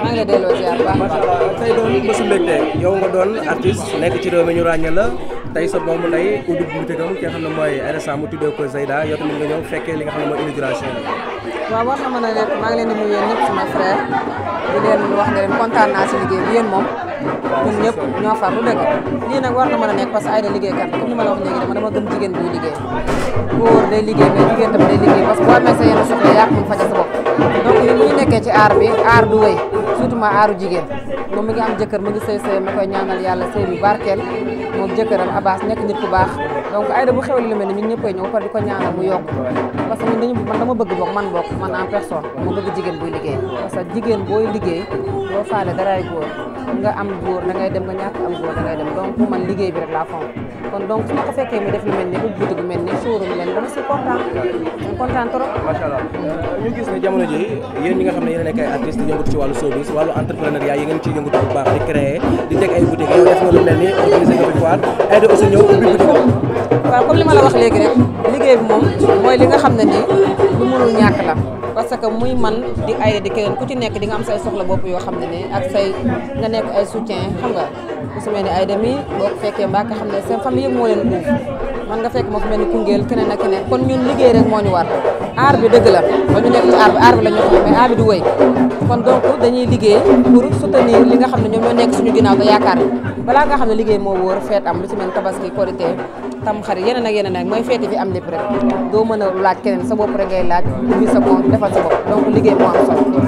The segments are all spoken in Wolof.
maa ngi delloo ziar baax baax tey doon bésu mbégte yow nga doon artiste nekk ci réew ñu ràññee la tey sa doomu ndey ubbi butigam ki nga xam ne mooy RSA mu tuddee ko Zeyda yow tamit nga ñëw fekkee li nga xam ne mooy inauguration bi waaw war na a nekk maa ngi leen di nuyu yéen ñëpp sama frère di leen wax ne leen kontaan naa si liggéey bi yéen moom ñun ñëpp ñoo far lu dëgg lii nag war na mën a nekk parce que Aida liggéeykat comme ni ma la wax léegi dama dama jigéen buy liggéey góor day liggéey mais jigéen tam day liggéey parce boo amee ci aar bi aar du ma jigéen moom mi ngi am jëkkër ma koy ñaanal yàlla sëy bu barkeel moom jëkkëram Abass nekk nit ku baax donc Aida bu xewle lu mel ni ñun ñëppay ñëw par di ko ñaanal mu yokk parce que dañu man dama bëgg bokk man bokk man en personne ma bëgg jigéen buy liggéey parce que jigéen booy liggéey boo faale nga am góor da ngay dem nga ñàkk am góor da dem donc man liggéey bi rek laa fonk kon donc su ma ko fekkee mu def lu mel ni ubbi boutique mel ni showroom kontaan kontaan trop macha allah ñu gis ne jamono ji yéen ñi nga xam ne yéen a nekk ay artistes di yëngatu ci wàllu showbiz wàllu entrepreneuriat yi ngeen ci yëngatu bu baax di créer di teg ay boutique yow def nga lu mel ni organisé nga fi foire ay de aussi ñëw ubbi comme li ma la wax léegi rek liggéey bi xam ne lu mënul ñàkk la parce que muy man di Aida di keneen ku ci nekk di nga am say soxla bopp yoo xam ne ne ak say nga nekk ay soutien xam nga ku su mel ni Aida mi boo fekkee mbaa nga xam ne seen famille yëpp moo leen uuf man nga fekk moo fu mel ni Koungheul keneen ak keneen kon ñun liggéey rek moo ñu war aar bi dëgg la ba ñu nekk aar bi aar bi la ñu xam mais aar bi du wëy kon donc dañuy liggéey pour soutenir li nga xam ne ñoom ñoo nekk suñu ginnaaw te yaakaar balaa nga xam ne liggéey moo wóor feet am lu ci mel tabaski korité tam xarit yeneen ak yeneen ak mooy feeti fi am lépp rek doo mën a laaj keneen sa bopp rek ngay laaj ubbi sa compte defal sa bopp donc liggéey moo am solo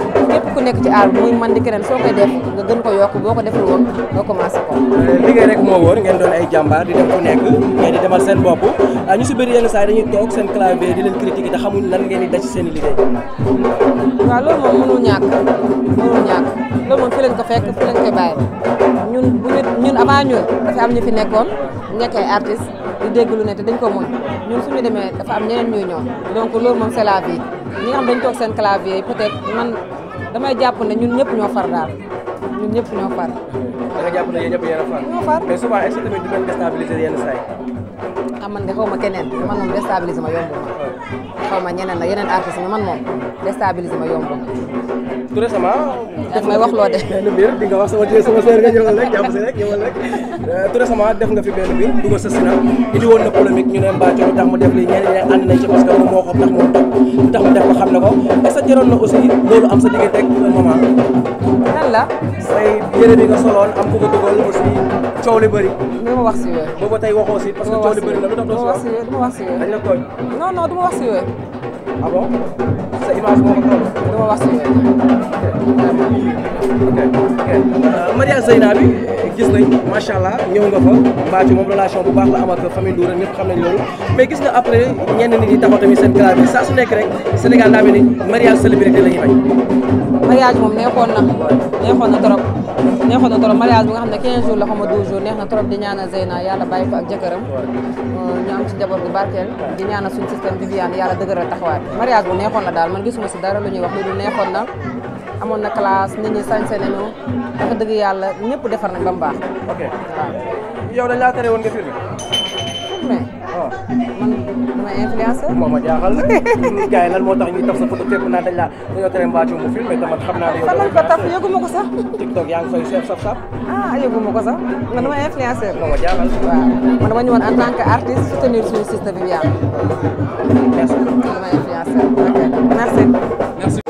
ku nekk ci aar muy man di keneen soo koy def nga gën ko yokk boo ko defee woon nga commencé ko. Euh, liggéey rek moo wóor ngeen doon ay jàmbaar di dem ku nekk ngeen di demal seen bopp euh, ñu si bëri yenn saa yi dañuy toog seen clavier di leen critiquer te xamuñ lan ngeen di daj seen i liggéey. waaw loolu moom mënul ñàkk mënul ñàkk loolu moom fi leen ko fekk fi leen koy bàyyi ñun bu ñu ñun avant ñun dafa am ñu fi nekkoon nekk ay artistes di dégg lu ne te dañ ko mën ñun suñu demee dafa am ñeneen ñuy ñëw donc loolu moom c'est la vie ñi nga xam dañ toog seen clavier peut-être man damay jàpp ne ñun ñëpp ñoo far daal ñun ñëpp ñoo far. da nga jàpp ne yéen ñëpp yéen a far. ñoo far mais souvent est-ce que tamit du ngeen déstabiliser yenn saa yi. ah man de xaw ma keneen man moom déstabiliser ma yomb ma xaw ma ñeneen la yeneen artistes yi man moom. déstabiliser ma yomb. tout récemment. daf de. benn mbir di nga wax sama kii sama sœur euh, def nga fi benn mbir dugal sa sina indi woon na polémique ñu ne Mbathio lu mu def lii ñenn ñeneen ànd nañ ci parce que moom moo ko tax moom toog lu mu def ko xam na ko est-ce jaroon na aussi loolu am sa diggante ak maman. lan la. say yére bi nga soloon am ku ko dugal aussi coow li bëri. li ma wax si yooyu. booba tey waxoo si. parce que coow li bëri wax. si yooyu ah bon sa image moo ko toll. dama wax si ok ok ah, Maria Zeyna bi gis nañ macha bu baax la am ak famille Ndour ñëpp xam nañ loolu mais gis nga après ñenn nit ñi taxaw tamit seen sax su nekk rek Sénégal daa mel ni mariage célébrité la ñuy mariage moom neexoon na neexoon na trop neexoon na trop mariage bi nga xam ne 15 jours la xama 12 jours neex na trop di ñaanal Zeyna yàlla bàyyi ko ak jëkkëram euh, ñu am ci njaboot bu bi di ñaanal suñu système Viviane yàlla dëgëral taxawaay mariage bu na daal man gisuma si dara lu ñuy wax lu dul neexoon na amoon na classe nit ñi sañse nañu dafa dëgg yàlla ñëpp defar nañ ba mu baax waaw man dama influenceur. moo ma jaaxal gars yi lan moo tax ñuy taf sa photo fépp naa dañ laa dañoo tere mbaa ci mu film te man xam naa ne. fan lañ ko taf yëgu ma ko sax. TikTok yaa ngi fay seef saf saf. ah yëgu ma ko sax man dama influenceur. moo ma jaaxal waaw man dama ñëwoon en tant que artiste soutenir suñu système bi yàlla. merci dama influenceur ok merci. merci.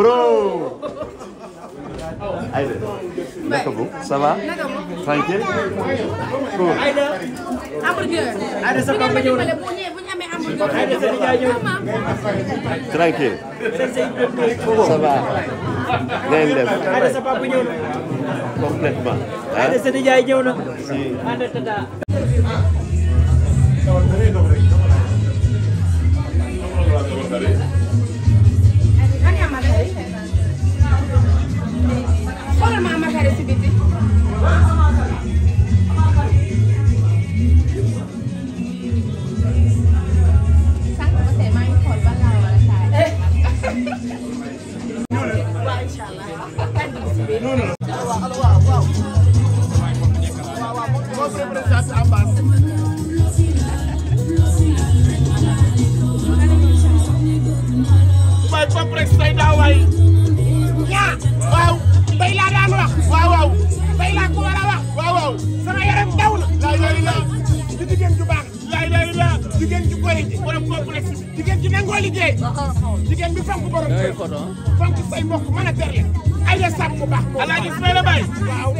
bro. Aïda naka bu ça va. naka bu tranquille. cool. Aïda. hamburger. Aïda sa papa ñëw na. tranquille. ça va. ngay def. Aïda sa papa ñëw na. complètement. Aïda sa nijaay ñëw na. si. comme représentant Abbas waay complexe tey daa liggéey borom complexe bi jigéen ji nangoo liggéey jigéen bi fonk borom kër fonk say mbokk mën a terle Aïda Samb bu baax alaaji Ismaïla Baye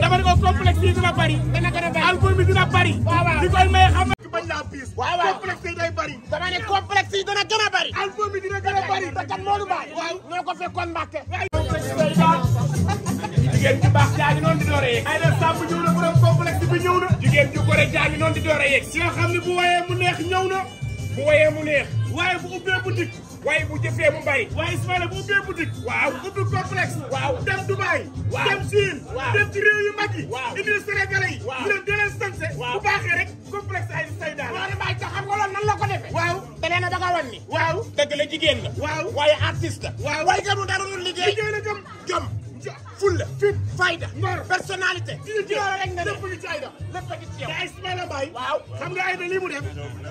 dama ne ko complexe yi dina bari dana gën a bari alcool bi dina bari li koy may xam bañ laa piis complexe yi day bari dama ne complexe yi dana gën a bari alcool bi dina gën a bari te kat moolu baay waaw ñoo ko fekkoon Mbàkke jigéen ju baax jaa ngi noonu di door a yegg Aïda Samb ñëw na borom complexe bi ñëw na jigéen ju gore jaa ngi noonu di door a yegg si nga xam ne bu wayee mu neex ñëw na bu wayee mu neex. waaye bu ubbee bu dikk. waaye bu jëfee mu bari. waaye Ismaïla bu ubbee bu dikk. waaw ubbi complexe. waaw dem Dubaï. yu mag yi. waaw indi yi. waaw ñu leen dalee sanse. waaw bu baaxee rek complexe ay say daal. waaw nan la ko defee. te nee na da nga wan ni. waaw jigéen la. waaw waaye artiste waaw waaye gënu dara lu liggéey. liggéey la jom jom. fulla fit fayda ngor personnalité loolu rek nga lépp ngi ci Aïda lépp ngi ci yow te Ismaïla Mbaye waaw xam nga Aïda lii mu def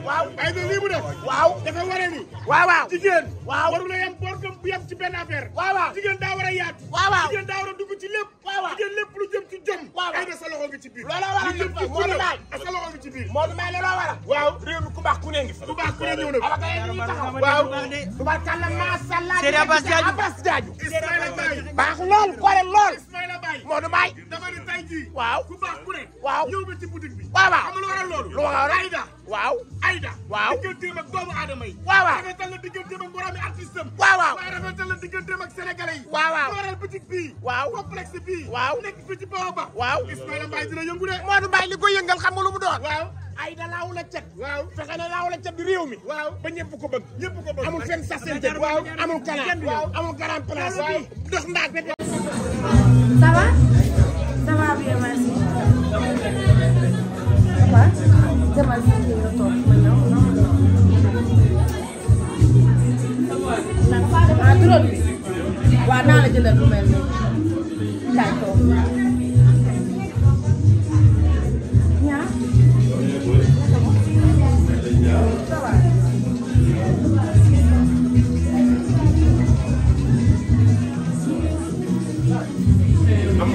waaw Aïda lii mu def waaw dafa war a ni waaw waaw jigéen waaw warula yem borgam bu yem ci benn affaire waaw waaw jigéen daa war a yaatu waaw waaw jigéen daa war a dugg ci lépp waaw waaw jigéen lépp lu jëm ci jëm waaw Aïda sa loxo ngi ci biir loolu war a jëm ci Modou Mbaye ah, sa loxo ngi ci biir Modou Mbaye loolu war a waaw réew mi ku baax ku ne ngi fi ku baax ku ne ñëw na waaw tubaarkalla maasàllaa Serigne Abass Diadio Abass Diadio Ismaïla Mbaye baax lool xool Modou Mbaye dama ne tey jii waaw ku baax ku ne waaw ñëw ba ci boutique bi waaw waaw xam lu waral loolu lu waral Aïda waaw Aïda waaw digganteem ak doomu aadama yi waaw waaw rafetal la digganteem ak moroomi artiste am waaw waaw waaye rafetal la digganteem ak sénégalais yi waaw waaw waral boutique bii waaw complexe bii waaw nekk fii ci booba waaw Ismaïla Mbaye dina yëngu de Modou Mbaye li ko yëngal xam nga lu mu doon waaw Aïda laaw la cet waaw fexe na laaw la cet di réew mi waaw ba ñëpp ko bëgg ñëpp ko bëgg amul fenn sasente waaw amul kanam amul grand place ndox ndaag ça va ça va bien merci. waaw demal si kii nga toog ma ñëw non naa la jëlal lu mel nii